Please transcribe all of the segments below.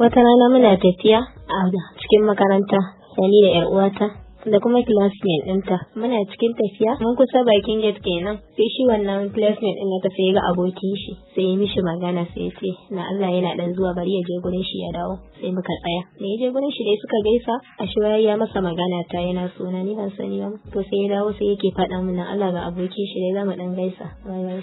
wata rana muna tafiya a cikin makaranta sani da yar uwata da kuma classmate ɗinta muna cikin tafiya mun kusa bakin gate kenan sai shi wannan classmate ɗin ya tafi ga aboki shi sai ya mishi magana sai ya ce na Allah yana dan zuwa bari ya je gurin shi ya dawo sai muka tsaya da ya je gurin shi dai suka gaisa a shi ya masa magana ta yana suna ni ban sani ba to sai ya dawo sai yake faɗa min na Allah ga aboki shi dai za dan gaisa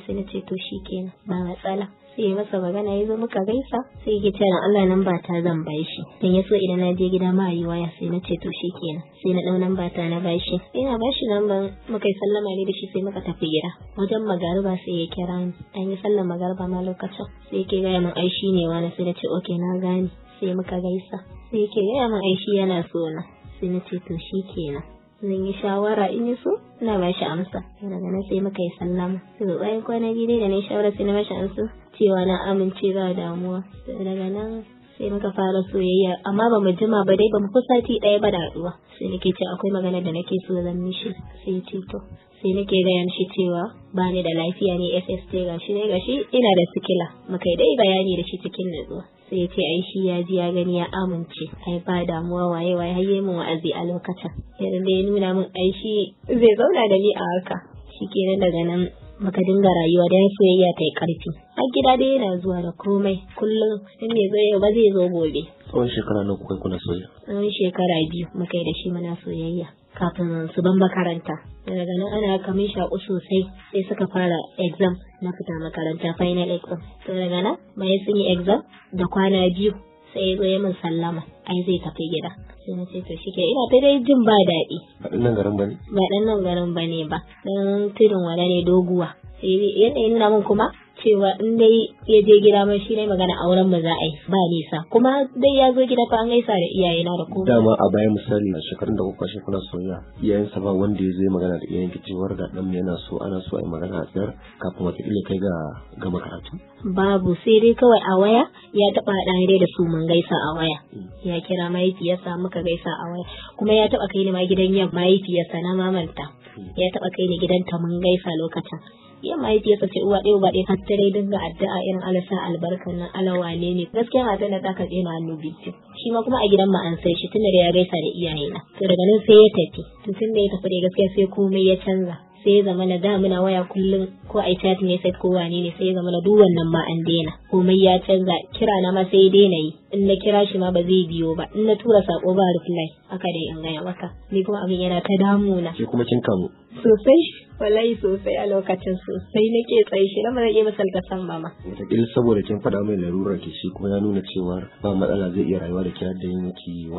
sai na ce to shikenan ba matsala sai ya masa magana ya zo muka gaisa sai ya ce ran Allah nan ba ta zan bashi dan yaso idan na je gida ma yi waya sai na ce to shikenan sai na dau nan ba ta na bashi ina bashi nan ba. muka yi sallama ne da shi sai muka tafi gida wajen magariba sai ya kira ni an yi sallar magariba ma lokacin sai ke gaya mun ai shine wani sai na ce okay na gane sai muka gaisa sai ke gaya mun ai shi yana so na sai na ce to shikenan zan yi shawara in yi so ina ba shi amsa daga nan sai muka yi sallama daga bayan kwana biyu dai da na shawara sai na ba amsa cewa na amince ba damuwa daga nan sai muka fara soyayya amma ba mu jima ba dai ba mu sati ɗaya ba da haɗuwa sai nake ce akwai magana da nake so zan mishi sai ce to sai nake gaya shi cewa ba ni da lafiya ne SST gashi ne gashi ina da sikila muka yi dai bayani da shi cikin natsuwa sai ce ai shi ya ji ya gani ya amince ai ba damuwa waye waye har yi wa'azi a lokacin yadda da ya nuna min ai shi zai zauna da ni a haka shi daga nan muka dinga rayuwa don soyayya ta yi karfi a gida dai yana zuwa da komai kullum in ne zai ba zai zo gobe tsawon shekara nawa kuka kuna soyayya tsawon shekara biyu muka yi da shi muna soyayya kafin su ban makaranta daga nan ana kamin shaƙu sosai sai suka fara exam na fita makaranta final exam to daga nan bayan sun yi exam da kwana biyu sai zo ya min sallama ai zai tafi gida sai na ce to ke ina ta dai jin ba daɗi ba ɗan nan garin bane ba ɗan nan garin ba ne ba don tudun wala ne doguwa sai yadda ya nuna min kuma cewa in dai ya je gida ma shi ne magana auren ba za a yi ba nisa kuma dai ya zo gida fa an gaisa da iyaye na da ko dama a bayan misali a shekarun da kuka shi kuna soyayya iyayen sa ba wanda ya zo magana da iyayen kici cewar da dan yana so ana so a yi magana a tsayar kafin wata ile kai ga ga makaratu babu sai dai kawai a waya ya taba da dai da su mun gaisa a waya ya kira mahaifiyarsa muka gaisa a waya kuma ya taba kai ni ma gidan yamma mahaifiyarsa na mamanta ya taba kai ni gidanta mun gaisa lokacin ya mahaifiyarsa ce uwa ɗaya uba ɗaya kan tare dinga addu'a irin alasa albarkan nan alawa ne ne gaskiya matan da ta karɓe ma hannu biyu shi ma kuma a gidan ma an sai shi tun da ya gaisa da iyaye na to daga nan sai ya tafi tun da ya tafi da gaskiya sai komai ya canza sai ya zama na da muna waya kullum ko ai chat ne sai ko wane ne sai ya zama na duk wannan ma an daina komai ya canza kira na ma sai ya daina yi in na kira shi ma ba zai biyo ba in na tura sako ba reply haka dai in gaya maka ni kuma abin yana ta damuna shi kuma kin kamu sosai wallahi sosai a lokacin sosai nake tsaye shi na ba iya misalta san mama wataƙila saboda kin faɗa mai larurar ki shi kuma ya nuna cewa ba matsala zai iya rayuwa da kira da yin ki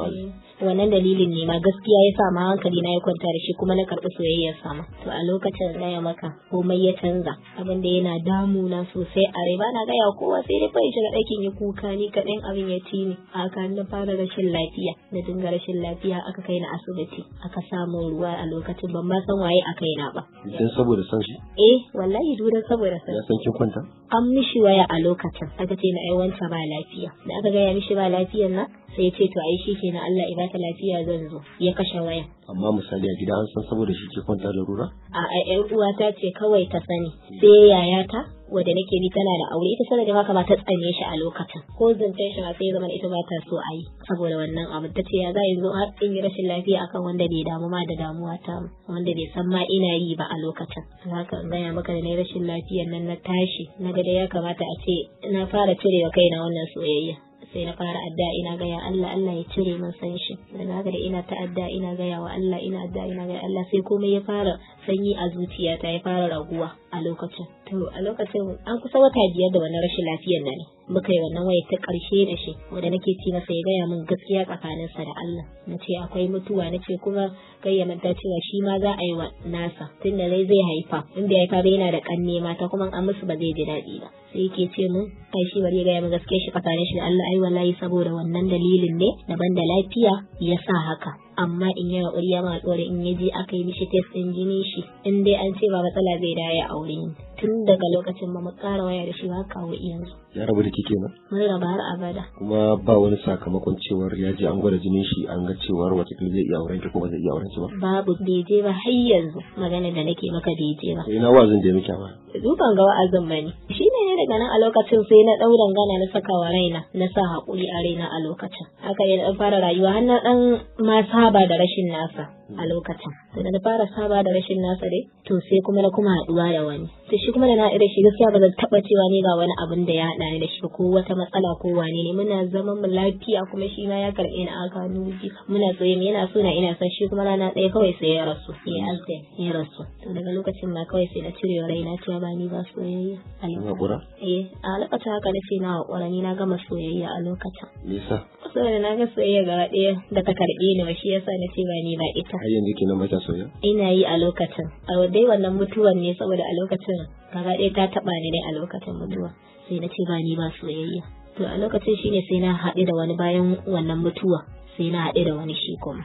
eh, wannan dalilin ne ma gaskiya ya sa ma hankali na ya kwanta da shi kuma na karɓi soyayyar sama to a lokacin gaya maka komai ya canza abin da yana damuna sosai a rai bana gaya kowa sai dai fahimci na ɗakin ya kuka ni kaɗan abin ya ci ni a kan na fara rashin lafiya na dinga rashin lafiya aka kai na asibiti aka samu ruwa a lokacin ban ma san waye a kaina ba. Dan saboda san shi? Eh wallahi dudan saboda san. Ya san kin kwanta? an mishi waya a lokacin aka ce na aiwanta ba lafiya da aka gaya mishi ba lafiyan nan sai ya ce to ai shi na Allah ya bata lafiya zan zo ya kashe waya amma misali a gida an san saboda shi ke kwanta da rura a ƴan uwa ta ce kawai ta sani sai yayata wadda nake ni tana da aure ita sanadin haka ba ta tsane shi a lokacin ko zancen shi ma sai zama ita ba ta so a yi saboda wannan abu ta ce ya za yanzu har in yi rashin lafiya akan wanda bai damu ma da damuwa ta wanda bai san ma ina yi ba a lokacin haka in gaya maka da na rashin lafiyan nan na tashi na ga ya kamata a ce na fara cirewa kaina wannan soyayya sai na fara adda ina gaya Allah Allah ya cire min san shi daga da ina ta adda ina gaya wa Allah ina adda ina gaya Allah sai komai ya fara sanyi a zuciyata ya fara raguwa a lokacin to a lokacin an kusa wata biyar da wannan rashin lafiyar nan muka yi wannan waya ta ƙarshe da shi wanda nake ci masa ya gaya min gaskiya tsakanin sa da Allah na ce akwai mutuwa na ce kuma kai ya manta cewa shi ma za a yi wa nasa tun da dai zai haifa in ya haifa yana da ƙanne mata kuma an musu ba zai ji daɗi ba sai yake ce mun kai shi bari ya gaya min gaskiya shi tsakanin shi da Allah ai wallahi saboda wannan dalilin ne daban da lafiya ya sa haka amma in yi ƙuri ya ma in ya je aka yi mishi test ɗin jinin shi in dai an ce ba matsala zai daya aure. wurin tun daga lokacin ba mu ƙara waya da shi ba kawo yanzu. Ya rabu da kike nan? Mun raba har abada. Kuma ba wani sakamakon cewar ya je an gwada jinin shi an ga cewar watakila zai iya auren ki ko ba zai iya auren ki ba? Babu bai je ba har yanzu magana da nake maka bai je ba. Ina wa da je miki ba? Dukan ga wa'azin ba ne. Shi ne daga nan a lokacin sai na ɗau dangana na saka wa raina na sa haƙuri a raina a lokacin. Haka ya fara rayuwa har na ɗan ma saba da rashin nasa. a lokacin sai da na fara saba da rashin nasa dai to sai kuma na kuma haɗuwa da wani to shi kuma da na irin shi gaskiya ba zan taɓa cewa ne ga wani abin da ya haɗa ni da shi ko wata matsala ko wani ne muna zaman mu lafiya kuma shi ma ya karɓe ni aka nuji muna tsaye yana so na ina son shi kuma rana ɗaya kawai sai ya rasu ya azza ya rasu to daga lokacin ma kawai sai na cire raina cewa ba ni ba soyayya a lokacin eh a lokacin haka na ce na haƙura ni na gama soyayya a lokacin nisa saboda na ga soyayya gaba ɗaya da ta karɓe ni ba shi yasa na ce ba ni ba ita har yanzu kenan ba ta soya ina yi a lokacin a dai wannan mutuwan ne saboda a lokacin gaba ɗaya ta taɓa ni ne a lokacin mutuwa sai na ce ba ni ba soyayya to a lokacin shi ne sai na haɗu da wani bayan wannan mutuwa sai na haɗu da wani shi kuma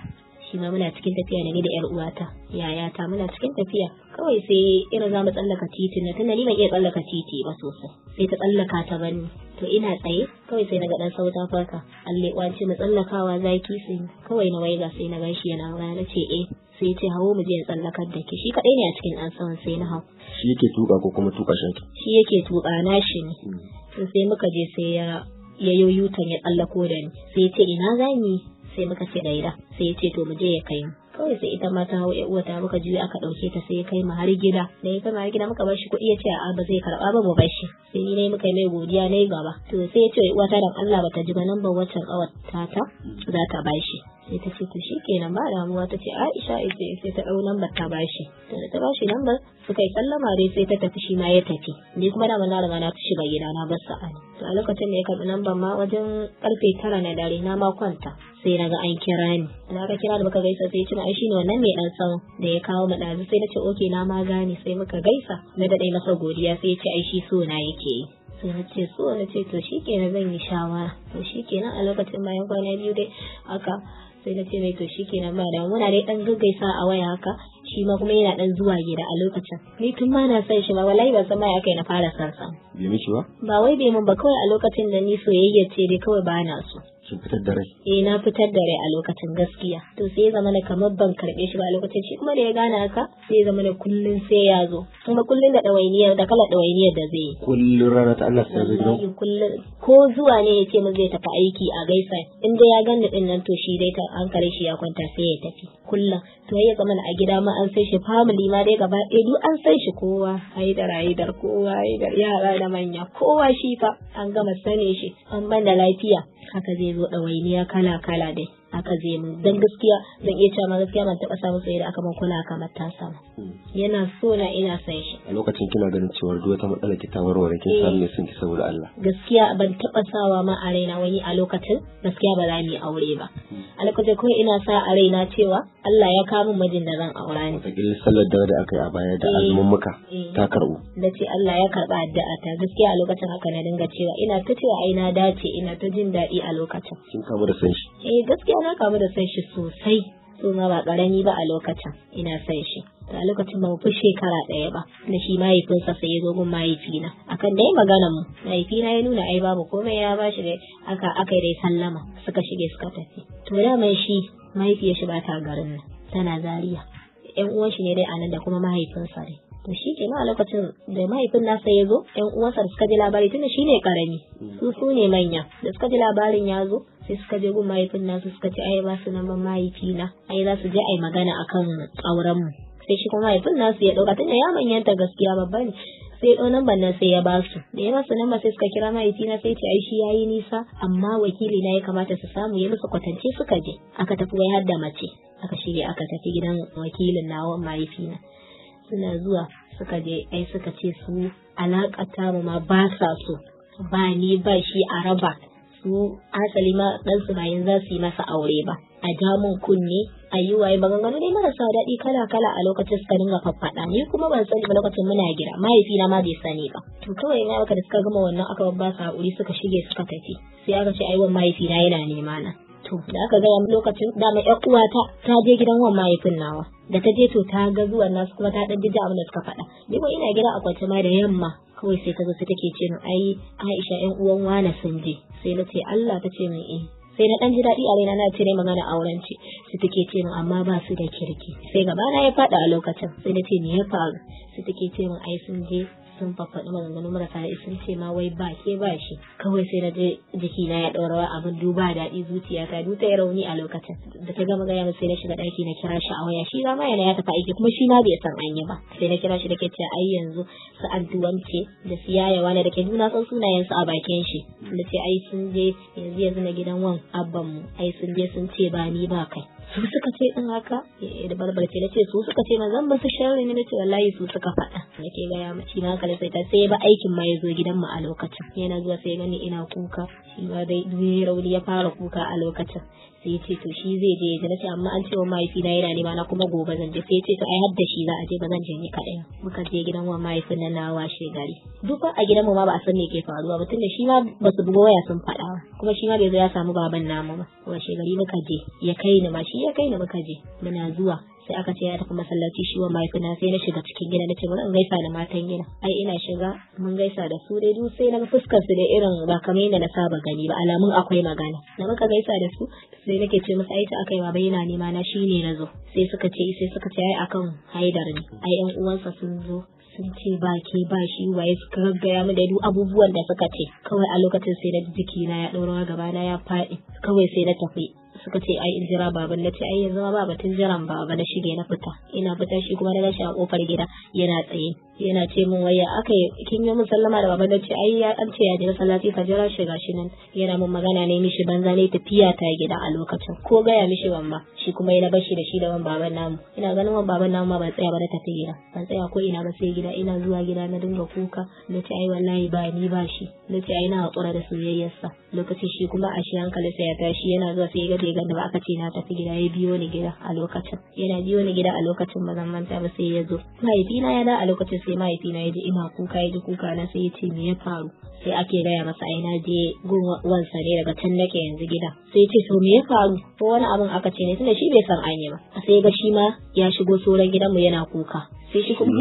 shi ma muna cikin tafiya ne da yar uwata yaya ta muna cikin tafiya kawai sai irin za mu tsallaka titi na tana ni ban iya tsallaka titi ba sosai sai ta tsallaka ta bani to ina tsaye kawai sai na ga dan sauta farka alle wace mu tsallakawa zaki sai kawai na waiga sai na gashi yana waya na ce eh sai ya ce hawo mu je tsallakar da ke shi kadai ne a cikin dan sawan sai na hau shi yake tuka ko kuma tuka shi shi yake tuka na shi ne hmm. sai muka je sai ya ya yoyutan ya tsallako da ni sai ce ina zani sai muka ce daida sai ya ce to mu je ya kai mu kawai sai ita ma ta hau ya uwata muka juya aka ɗauke ta sai ya kai mu har gida da ya kai mu har gida muka bar shi kuɗi ya ce a ba zai karɓa ba ba bar shi sai ni ne muka yi mai godiya na yi gaba to sai ya ce uwata dan Allah bata ji ba nan ba wacce ƙawar ta ta za ta shi sai ta ce to shi nan ba damuwa ta ce Aisha ita sai ta ɗau lambar ta bashi to da ta bashi lambar suka yi sallama dai sai ta tafi shi ma ya tafi ni kuma da na riga na shiga gida na bar sa'a to a lokacin da ya karɓi lambar ma wajen karfe tara na dare na ma kwanta sai na ga an kira ni na ga kira da muka gaisa sai tuna ai shine wannan mai dan tsawon da ya kawo mu ɗazu sai na ce oke na ma gane sai muka gaisa na daɗe masa godiya sai ya ce ai shi so na yake yi sai na ce so na ce to shi na zan yi shawara to shi kenan a lokacin bayan kwana biyu dai aka sai na ce mai to shikenan ba da muna dai dan gaggaisa a waya haka shi ma kuma yana dan zuwa gida a lokacin ni tun ma na san shi ma wallahi ban san ma ya na fara san sa bai ba ba wai bai mun ba kawai a lokacin da ni soyayya ce dai kawai ba na so kin fitar da rai eh na fitar da rai a lokacin gaskiya to sai zama na kamar ban karbe shi ba a lokacin shi kuma da ya gane haka sai zama na kullun sai ya zo kuma kullun da dawainiyar da kala dawainiyar da zai kullun rana ta Allah sai zai kullun ko zuwa ne ya ce mu zai tafi aiki a gaisa in dai ya ganni din nan to shi dai ta hankali shi ya kwanta sai ya tafi Kullum to ya zama a gida ma an san shi family ma dai gaba ɗaya duk an san shi kowa haidar haidar kowa haidar yara da manya kowa shi fa an gama sane shi an banda lafiya haka zai zo ɗawainiya kala-kala dai aka je min dan gaskiya zan iya cewa gaskiya ban taba samu sai da aka man kula kamar ta sama hmm. yana so na ina san shi a lokacin kina ganin cewa duk wata matsala ki ta warware kin samu ne sun ki saboda Allah eh, gaskiya ban taba sawa ma a raina wani a lokacin gaskiya ba za mu yi aure ba hmm. a lokacin kuma ina sa a raina cewa Allah ya kawo min mijin da zan aura ni wataƙila sallar da da aka yi a baya da eh, azumin muka eh. ta karɓu da ce Allah ya karɓa addu'a ta gaskiya a lokacin haka na dinga cewa ina ta cewa ai na dace ina ta jin daɗi a lokacin kin kamu da san shi eh gaskiya na kamu da son shi sosai su ma ba karami ba a lokacin ina son shi a lokacin ba mu fi shekara ɗaya ba na shi mahaifinsa sai ya zo gun mahaifina akan dai magana mu mahaifina ya nuna ai babu komai ya ba shi dai aka aka dai sallama suka shige suka tafi to mai shi mahaifiyar shi ba ta garin nan tana zaria yan uwan shi ne dai anan da kuma mahaifinsa dai to shi ke a lokacin da mahaifin nasa ya zo yan uwansa da suka ji labari tunda shi ne karami su su ne manya da suka ji labarin ya zo sai suka je gun mahaifin nasu suka ce ai ba su nan mahaifina ai za su je ai magana akan auren mu sai shi kuma mahaifin nasu ya dauka tunda ya manyanta gaskiya babba ne sai ya namban nan sai ya ba su da ya ba su sai suka kira mahaifina sai ce ai shi yayi nisa amma wakili na ya kamata su samu ya musu kwatance suka je aka tafi wai har da mace aka shirya aka tafi gidan wakilin na nawa mahaifina suna zuwa suka je ai suka ce su alakata ma ba sa so ba ni ba shi a raba su asali ma ɗansu bayan za su yi masa aure ba a jamun kunne a yi waye gangano dai marasa daɗi kala kala a lokacin suka dinga faffaɗa ni kuma ban sani ba lokacin muna gira mahaifina ma bai sani ba to kawai na baka da suka gama wannan aka babba su haƙuri suka shige suka tafi sai aka ce ai mahaifi mahaifina yana nema na da aka gaya mu lokacin da dama ƴar uwata ta je gidan wan mahaifin nawa da ta je to ta ga zuwan nasu kuma ta dan jiji abin da suka faɗa ni ko ina gida a kwance ma da yamma kawai sai ta zo sai take ce min ai Aisha ƴan uwan wane sun je sai na ce Allah ta ce min eh sai na dan ji daɗi a raina na ce magana auren ce sai take ce min amma ba su da kirki sai gaba na ya faɗa a lokacin sai na ce me ya faru sai take ce min ai sun je sun faɗi maganganu marasa daɗi sun ce ma wai ba ke ba shi kawai sai na je jikina ya ɗora abin duba daɗi zuciya ta duta ya rauni a lokacin da ta gama gaya sai na shiga ɗaki na kira shi a waya shi za ma yana ya tafi aiki kuma shi ma bai san an yi ba sai na kira shi da ke ce ai yanzu su addu'ance da su yaya ne da ke nuna son sunayen su a bakin shi da ce ai sun je yanzu yanzu na gidan wan abban mu ai sun je sun ce ba ni ba kai su suka ce in haka eh, da barbarce na ce su suka ce mazan zan basu sharri ne na ce wallahi su suka faɗa ke gaya shi na da sai ta sai ba aikin ma ya zo gidan mu a lokacin yana zuwa sai gani ina kuka shi ma dai rauni ya fara kuka a lokacin sai ce to shi zai je da nace amma an ce wa mahaifi na yana nema na kuma gobe zan je sai ce to ai har da shi za a je ba zan je ni kaɗai muka je gidan wa mahaifin nan na washe gari duk a gidan mu ma ba a san me ke faruwa ba tunda shi ma ba su bugo waya sun faɗa kuma shi ma bai zo ya samu baban namu ba washe gari muka je ya kai ni ma shi ya kai ni muka je muna zuwa sai aka ce ya tafi masallaci shi wa mahaifina sai na shiga cikin gida na ce mun gaisa da matan gida ai ina shiga mun gaisa da su dai sai na fuskar su da irin ba kamar yadda na saba gani ba alamun akwai magana na muka gaisa da su sai nake ce musu ai ta akai baba yana nema na shine na zo sai suka ce sai suka ce ai akan haidar ne ai yan uwansa sun zo sun ce ba ke ba shi waye suka gaggaya mu da duk abubuwan da suka ce kawai a lokacin sai na jiki na ya ɗora gaba na ya faɗi kawai sai na tafi suka ce ai in jira baban na ce ai yanzu ma ba batun jiran baba na shige na fita ina fita shi kuma na gashi a kofar gida yana tsaye yana ce min waya aka kin yi min sallama da baban na ce ai an ce ya jira sallati ka jira shi gashi nan yana min magana ne mishi banza ne tafiya ta gida a lokacin ko gaya mishi ban ba shi kuma yana bashi da shi da wan baban namu ina ganin wan baban namu ma ban tsaya ba na tafi gida ban tsaya ko ina ba sai gida ina zuwa gida na dinga kuka na ce ai wallahi ba ni ba shi na ce ai na haƙura da soyayyarsa lokacin shi kuma a shi hankalinsa ya tashi yana zuwa sai ya ga gan da ba aka ce na tafi gida ya biyo ni gida a lokacin yana biyo ni gida a lokacin ba zan manta ba sai ya zo mahaifina ya da a lokacin sai mahaifina ya ji ina kuka ya ji kuka na sai ya ce me ya faru sai ake gaya masa ai na je wansa ne daga can nake yanzu gida sai ce to me ya faru ko wani abin aka ce ne tunda shi bai san anyi ba sai ga shi ma ya shigo sauran gidanmu yana kuka sai shi kuma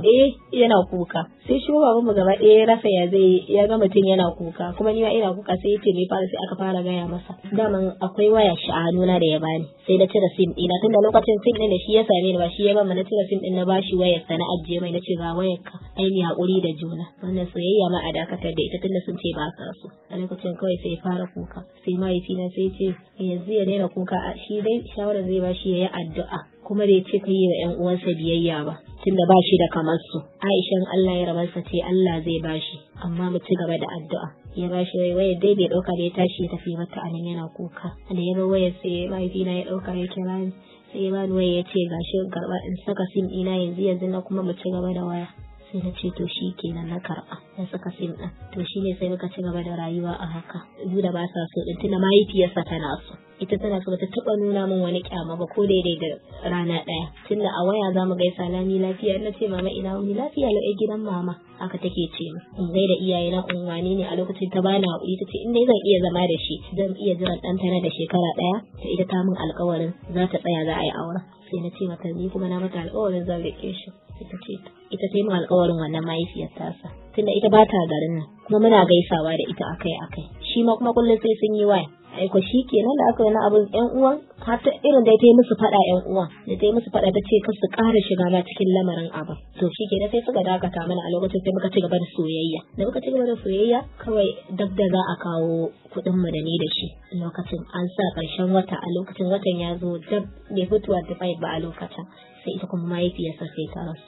eh yana kuka sai shi baban mu gaba ɗaya rasa ya zai ya ga mutum yana kuka kuma ni ma ina kuka sai yace me fara sai aka fara gaya masa daman akwai waya shi a nuna da ya bani sai na cire sim ɗina tunda lokacin sim ɗin da shi ya same ni ba shi ya ba na cire sim ɗin na bashi wayar sa na ajiye mai na ce ga wayar ka ai ni hakuri da juna wannan soyayya ma a dakatar da ita tunda sun ce ba sa so a lokacin kawai sai fara kuka sai mahaifina sai ce eh, yanzu ya daina kuka shi dai shawarar zai ba shi ya yi addu'a kuma bai ka yi wa ‘yan uwansa biyayya ba, tunda ba shi da kamar su. Aishan Allah ya rabarsa ce Allah zai bashi, amma mu ci gaba da addu'a. Ya bashi wai waya dai bai ɗauka da ya tashi ya tafi mata anan yana kuka. Da ya ba wayar sai mahaifina ya ɗauka ya kira ni. Sai ya ni waya ya ce shi garba in saka sim ɗina yanzu yanzu na kuma mu ci gaba da waya. sai na ce to shi kenan na karɓa na saka sim ɗin to shi ne sai muka ci gaba da rayuwa a haka duk da ba sa so ɗin tunda mahaifiyarsa tana so ita tana so ta taba nuna min wani kyama ba ko daidai da rana daya tunda a waya zamu gaisa lami lafiya na ce mama ina wuni lafiya lo'e gidan mama haka take ce in da iyaye na in umm, ne a lokacin ta bani hakuri ta ce in dai zan iya zama da shi zan iya jiran dan tana da shekara ɗaya? ta ita ta min alƙawarin za ta tsaya za a yi auren sai na ce mata ni kuma na mata alƙawarin zan rike shi ita ce ita ta yi min alƙawarin wannan mahaifiyar tasa tunda ita ba ta garin nan kuma muna gaisawa da ita akai akai shi ma kuma kullum sai sun yi waya aiko shi kenan da aka wani abin yan uwan har irin da ta yi musu fada yan uwan da ta yi musu fada ta ce kar su ƙara shiga ba cikin lamarin abu to shi sai suka dakata mana a lokacin sai muka ci gaba da soyayya da muka ci gaba da soyayya kawai duk da za a kawo kuɗin mu da ni da shi lokacin an sa ƙarshen wata a lokacin watan ya zo dab bai fitowa da ba a lokacin sai ita kuma mahaifiyarsa sai ta rasu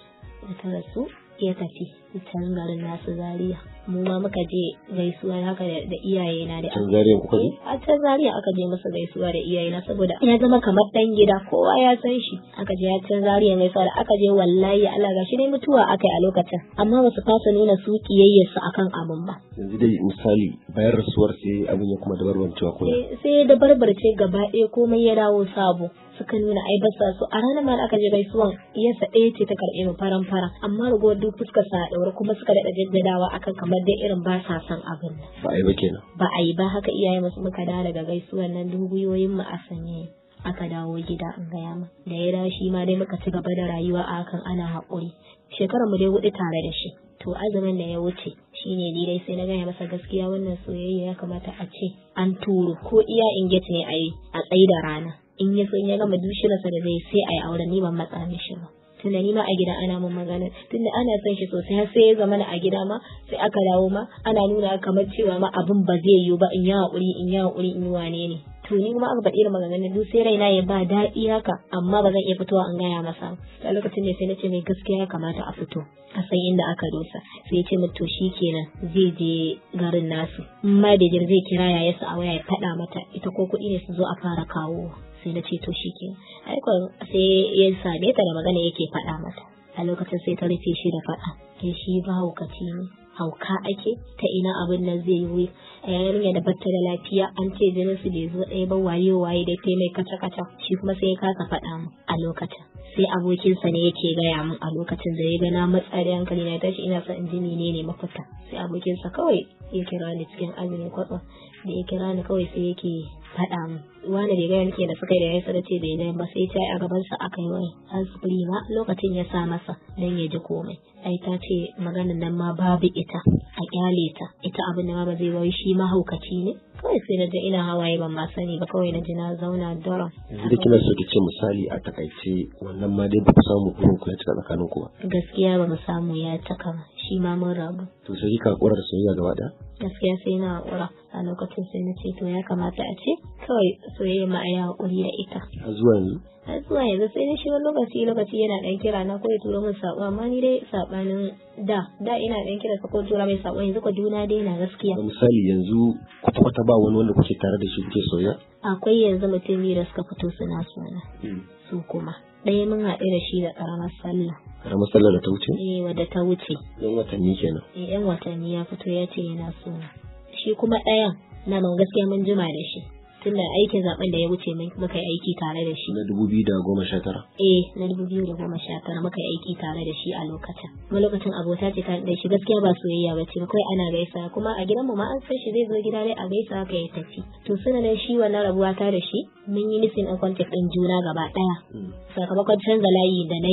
ta rasu ya tafi can garin nasu zariya mu ma muka je gaisuwa haka da iyaye na da can kuka je eh, a can zariya aka je masa gaisuwa da iyaye na saboda ya zama kamar dan gida kowa ya san shi aka je can zariya gaisuwa da aka je wallahi Allah gashi ne mutuwa yi a lokacin amma ba su fasa nuna su kiyayyar su akan abin ba yanzu dai misali bayan rasuwar sai abin ya kuma dabarbarce ko eh, sai dabarbarce gaba ɗaya komai ya dawo sabo suka nuna ai basa su a ranar ma da aka je gaisuwan iyasa ɗaya ce ta karɓe mu faran fara amma ragowar duk fuska sa daure kuma suka daɗa jaddadawa akan kamar dai irin ba sa son abin ba a yi ba kenan ba a ba haka iyaye mu muka dawo daga gaisuwan nan gwiwoyin mu a sanye aka dawo gida an gaya ma da ya dawo shi ma dai muka ci gaba da rayuwa a hakan ana haƙuri shekarar mu dai hudu tare da shi to azumin da ya wuce shine ni dai sai na gaya masa gaskiya wannan soyayya ya kamata a ce an turo ko iya in ne a yi a tsayi da rana in ya san ya gama sa da zai sai a yi auren ni ban matsa mishi ba tunda ni ma a gida ana mun magana tunda ana son shi sosai har sai ya zama na a gida ma sai aka dawo ma ana nuna kamar cewa ma abin ba zai yiwu ba in yi hakuri in yi hakuri in yi wane ne to ni kuma aka faɗi da maganganu duk sai raina ya ba daɗi haka amma ba zan iya fitowa an gaya masa a lokacin ne sai na ce mai gaskiya ya kamata a fito a san inda aka dosa sai ya ce min to shi kenan zai je garin nasu in ma da zai kira yayarsa a waya ya faɗa mata ita ko kuɗi ne su zo a fara kawowa sai na ce to shi ke aikon sai ya same ta da magana yake faɗa mata a lokacin sai ta rufe shi da faɗa ke shi ba haukaci ne hauka ake ta ina abin nan zai yi a yarinya da batta da lafiya an ce jinin su bai zo ɗaya ba waye waye da ta mai kaca kaca shi kuma sai ya kasa faɗa mu a lokacin sai abokinsa ne yake gaya mun a lokacin da ya ga na da hankali na tashi ina son in ne ne mafita sai abokinsa kawai ya kira ni cikin azumin kwatsam da ya kira ni kawai sai yake faɗa mu wani bai gaya nake da suka da sa da ce bai gaya ba sai ta a gaban sa aka yi wa asibiri ba lokacin ya sa masa dan ya ji komai ai ta ce maganan nan ma babu ita a kyale ta ita abin da ma ba zai wai shi ma haukaci ne kawai sai na ina hawaye ban ma sani ba kawai na ji na zauna doron. Yanzu da kina so ki ce misali a takaice wannan ma dai ba ku samu ku ya cika tsakanin ku ba. Gaskiya ba mu samu ya taka shi ma mun rabu. To sai kika hakura da soyayya gaba ɗaya? Gaskiya sai na hakura a lokacin sai na ce to ya kamata a ce kawai soyayya ma ya hakuri da ita. A zuwa yanzu? A zuwa yanzu sai na shiga lokaci lokaci yana ɗan kira na ko ya tura min saƙo amma ni dai saɓanin da da ina ɗan kira ka ko tura mai saƙo yanzu ko juna dai na gaskiya. Misali yanzu kwata-kwata ba wani wanda kuke tare da shi kuke soyayya? Akwai yanzu mutum biyu da suka fito suna suna. Hmm. Su kuma. Ɗaya mun haɗu da shi da ƙaramar sallah. karamar matsalar da ta wuce? Eh wadda ta wuce. Yan watanni kenan. Eh yan watanni ya fito ya ce yana so. Shi kuma ɗayan na man gaskiya mun jima da shi. tun da aikin zaben da ya wuce muka yi aiki tare da shi. Na dubu biyu da goma sha Eh, na dubu biyu da goma sha tara yi aiki tare da shi a lokacin. Kuma lokacin abota ce ta da shi gaskiya ba soyayya ba ce kawai ana gaisa kuma a gidanmu ma an san shi zai zo gida dai a gaisa ka ya tafi. To sanannen shi wannan rabuwa ta da shi mun yi nufin a kwantar ɗin juna gaba ɗaya. Hmm. Sakamakon canza layi da na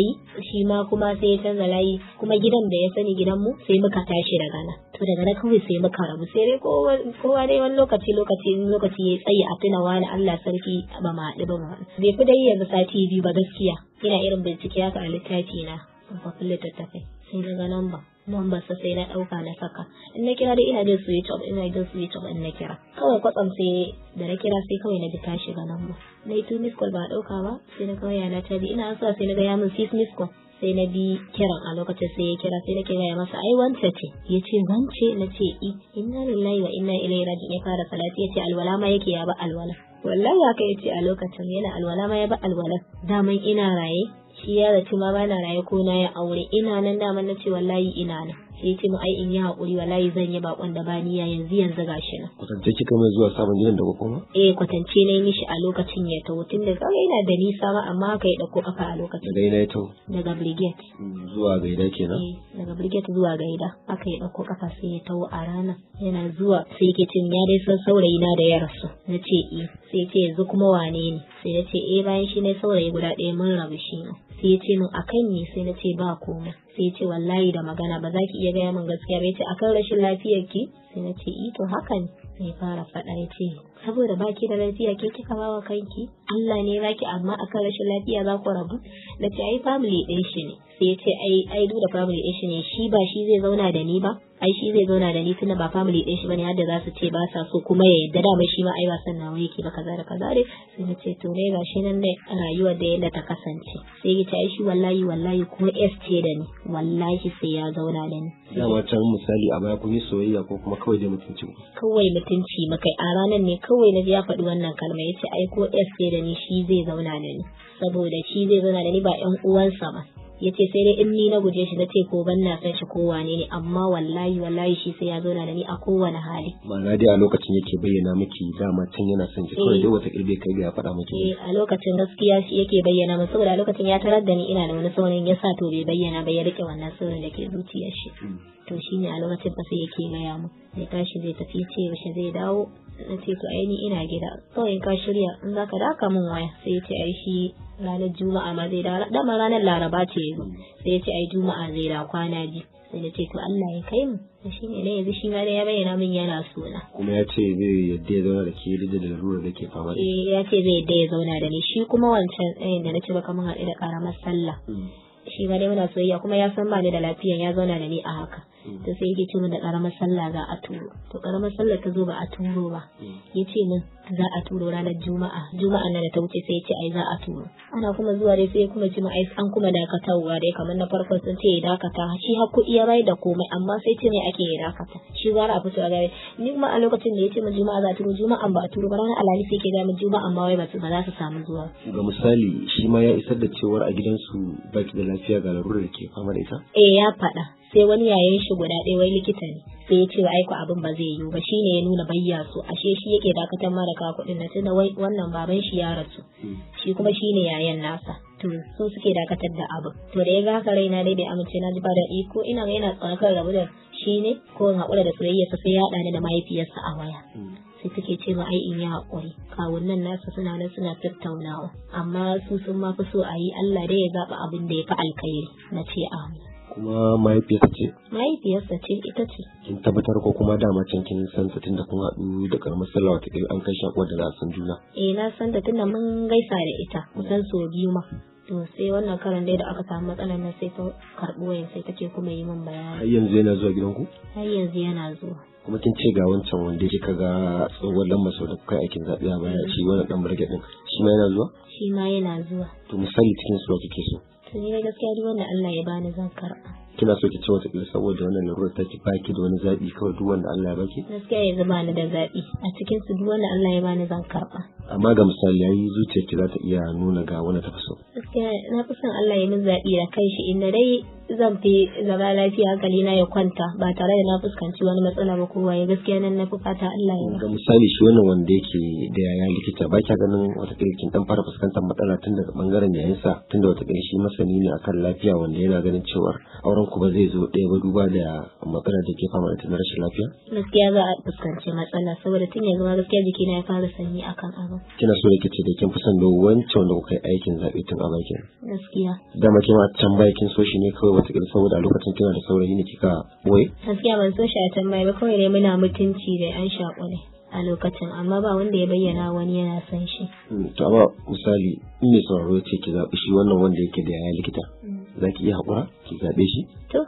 shi ma kuma sai ya canza layi kuma gidan da ya sani gidanmu sai muka tashi daga nan. to daga na kawai sai maka rabu sai dai kowa dai wani lokaci lokaci lokaci ya tsaye a tuna wani Allah sarki ba ma haɗu ba ma bai fi dai yanzu sati biyu ba gaskiya ina irin bincike haka a littafi na kafafin littattafai sai daga nan ba numbar ba sai na ɗauka na saka in na kira dai ina jin switch off ina jin switch off in na kira kawai kwatsam sai da na kira sai kawai na ji tashi ga nan ba na yi two miss ba a ɗauka ba sai na kawai yana ta ina sa sai na ga ya min six miss sai na bi kiran a lokacin sai ya kira sai na kira gaya masa ai wance ce ya ce wance na ce i inna lillahi wa inna ilaihi raji'un ya fara salati ya ce alwala ma yake ya ba alwala wallahi haka ya ce a lokacin yana alwala ma ya ba alwala daman ina raye shi ya zaci ma bana raye ko na ya aure ina nan daman na ce wallahi ina nan sai ce mu ai in yi haƙuri wallahi zan yi bakon da bani ya yanzu yanzu gashi nan kwatance ki kamar zuwa sabon gidan da ku kuma eh kwatance na yi mishi a lokacin ya taho tun da kawai yana da nisa ma amma haka ya dauko ƙafa a lokacin daga ina ya taho daga brigade hmm, zuwa gaida kenan eh daga brigade zuwa gaida aka ya dauko kafa sai ya taho a rana yana zuwa sai ke cin ya dai san saurayi na da ya rasu na ce eh sai ce yanzu kuma wane ne sai ya ce eh bayan shi ne saurayi guda ɗaya mun rabu shi ne sai ya ce min akan ne sai na ce ba komai sai ya ce wallahi da magana ba za ki iya gaya min gaskiya ba ya ce akan rashin lafiyar ki sai na ce ito eh haka ne sai fara faɗa ya ce saboda ba ki da lafiya ke kika ba wa kanki Allah ne baki amma akan rashin lafiya za ku rabu na ce ai family ɗin shi ne sai ya ce ai ai da family ɗin shi ne shi ba shi zai zauna da ni ba ai shi zai zauna da ni tunda ba family ɗin shi bane yadda za su ce ba sa so kuma ya yadda da mai shi ma ai ba san nawa yake ba kaza da kaza dai sai ya ce to ne shi nan ne rayuwar da yadda ta kasance sai ya ce ai shi wallahi wallahi kuma es ce da ni wallahi sai ya zauna da ni dama can misali a baya kun yi soyayya ko kuma kawai dai mutunci kawai mutunci makai a ranar ne kawai na ya faɗi wannan kalma ya ce ai ko es ce da ni shi zai zauna da ni saboda shi zai zauna da ni ba ƴan uwansa ba ya ce sai dai in ni na guje shi na ce ko ban na san shi ko wane ne amma wallahi wallahi shi sai ya zauna da ni a kowane hali. Ma'ana dai a lokacin yake bayyana miki dama can yana son ki kawai dai eh. wata kirbe kai ya faɗa miki. Eh a lokacin gaskiya shi yake bayyana ma saboda a lokacin ya tarar da ni ina da wani saurin ya sa to bai bayyana ba ya rike wannan saurin da ke zuciyar shi. Hmm. To shine a lokacin fa sai yake gaya mu ya tashi zai tafi ce yaushe zai dawo na ce to ai ni ina gida kawai ka shirya in zaka daka min waya sai ya ce ai shi ranar juma'a ma zai dawo dama ranar laraba ce yanzu sai ya ce ai juma'a zai dawo kwana biyu sai na ce to Allah ya kai mu da shi ne yanzu shi ma ya bayyana min yana na kuma ya ce zai yadda ya zauna da ke da larura da ke fama da shi eh, ya ce zai yadda ya zauna da ni shi kuma wancan ɗayan da na ce baka mun haɗu da ƙaramar sallah hmm. shi ma dai muna soyayya kuma ya san ba ni da lafiya ya zauna da ni a haka hmm. to sai yake ce min da ƙaramar sallah za a turo to ƙaramar sallah ta zo ba a turo ba hmm. ya ce min za a turo ranar juma'a juma'a na da ta wuce sai ya ce ai za a turo ana kuma zuwa dai sai kuma ji ai an kuma dakatawa dai kamar na farko sun ce ya dakata shi har kuɗi ya bai da komai amma sai ce mai ake ya dakata shi gara a fito gare ni kuma a lokacin da ya ce mu juma'a za a turo juma'an ba a turo ba ranar alhamis yake ga mu juma'a ma wai ba za su samu zuwa ga misali shi ma ya isar da cewar a gidansu baki da lafiya ga larurar da ke fama da ita eh ya faɗa sai wani yayin shi guda ɗaya wai likita ne sai ya ce wa aiko abin ba zai yiwu ba shine ya nuna bayya su ashe shi yake dakatar mara kawo kuɗin na tunda wai wannan baban shi ya rasu hmm. shi kuma shi ne yayan nasa to su suke dakatar da abu to da ya ga haka raina dai bai amince na ji ba daɗi ko ina ga yana tsoron kan rabu da shi ne ko in haƙura da soyayya sai ya haɗa ni da mahaifiyarsa a waya hmm. sai take ce ma ai in yi haƙuri kawun nan nasa suna nan suna tattaunawa amma su sun ma fi so a yi Allah dai ya zaɓa abin da ya fi alkhairi na ce amin kuma mahaifiyarsa ce mahaifiyarsa ce ita ce kin tabbatar ko kuma dama can kin san ta tunda kun haɗu da karamar sallah wata kai an kai shan uwar da za san juna eh na san ta tunda mun gaisa da ita kusan so biyu ma to sai wannan karan dai da aka samu matsalar nan sai ta karɓi wayan sai take kuma yi min bayani har yanzu yana zuwa gidanku har yanzu yana zuwa kuma kin ce ga wancan wanda kika ga tsohon lamba sau da kuka yi aikin zaɓe a baya shi wani ɗan marge ɗin shi ma yana zuwa shi ma yana zuwa to misali cikin su kike so to ni gaskiya duk wanda Allah ya bani zan karɓa kina so ki ci wata kila saboda wannan lura ta ki baki da wani zaɓi kawai duk wanda Allah ya baki gaskiya yanzu ni da zaɓi a cikin su duk Allah ya bani zan karɓa amma ga misali yayi zuciyar ki za ta iya nuna ga wani ta so gaskiya na fi son Allah ya min zaɓi da kai shi inda dai zan fi zama lafiya hankali na ya kwanta ba tare da na fuskanci wani matsala ba ko waye gaskiya nan na fi fata Allah ya ga misali shi wannan wanda yake da yaya likita ba kya ganin wata kin dan fara fuskantar matsala tun daga bangaren yayansa tun da wata shi masani ne akan lafiya wanda yana ganin cewa auren ku ba zai zo ɗaya ba duba da matsalar da ke fama da rashin lafiya gaskiya za a fuskanci matsala saboda tun yanzu ma gaskiya jikina ya fara sanyi akan abu. kina so da kace da kin fi son da wancan wanda kuka yi aikin zaɓe tun a bakin gaskiya da mace can tambaya kin so shi ne kawai wata kila saboda a lokacin kina da saurayi ne kika wai gaskiya ban so shi a tambaya ba kawai dai muna mutunci da an shaƙo a lokacin amma ba wanda ya bayyana wani yana son shi mm, to amma misali in ne sauraro ya ce ki zaɓi shi wannan wanda yake da yaya likita mm. za ki iya haƙura ki zaɓe shi to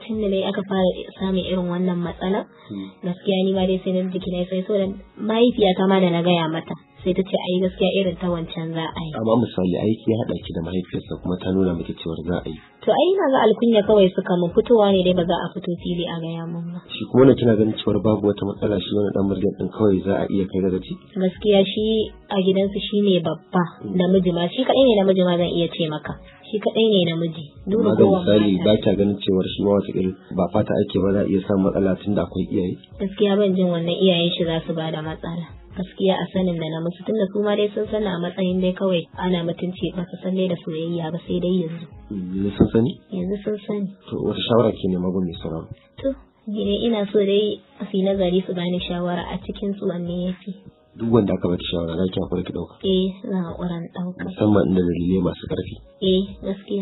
tun da dai aka fara samun irin wannan matsala hmm. gaskiya ni ba dai sai na jiki na sai so da mahaifiya ta ma da na gaya mata sai ta ce ai gaskiya irin ta wancan za a yi amma misali aiki ya haɗa ki da mahaifiyarsa kuma ta nuna miki cewar za a yi to ai na ga alkunya kawai suka mun fitowa ne dai ba za a fito fili a gaya mun ba shi kuma wannan kina ganin cewar babu wata matsala shi wani dan murjan din kawai za a iya kai daga ci gaskiya shi a gidansu shine babba hmm. namiji ma shi kaɗai ne namiji ma zan iya ce maka shi kadai ne namiji duk da misali ba kya ganin cewar shi ma wata irin ba fata ake ba za a iya samun matsala tun da akwai iyaye gaskiya ban jin wannan iyayen shi za su ba da matsala gaskiya a sanin da na musu tunda su ma dai sun sani a matsayin dai kawai ana mutunci ba su san dai da soyayya ba sai dai yanzu. Yanzu sun sani? Yanzu sun sani. To wata shawara ke ne gun mai sauraro? To, ina so dai a fi nazari su bani shawara a cikin su wanne ya fi. duk wanda aka bata shawara za ki hakura ki dauka eh zan hakura ni dauka musamman inda dalilai masu karfi eh gaskiya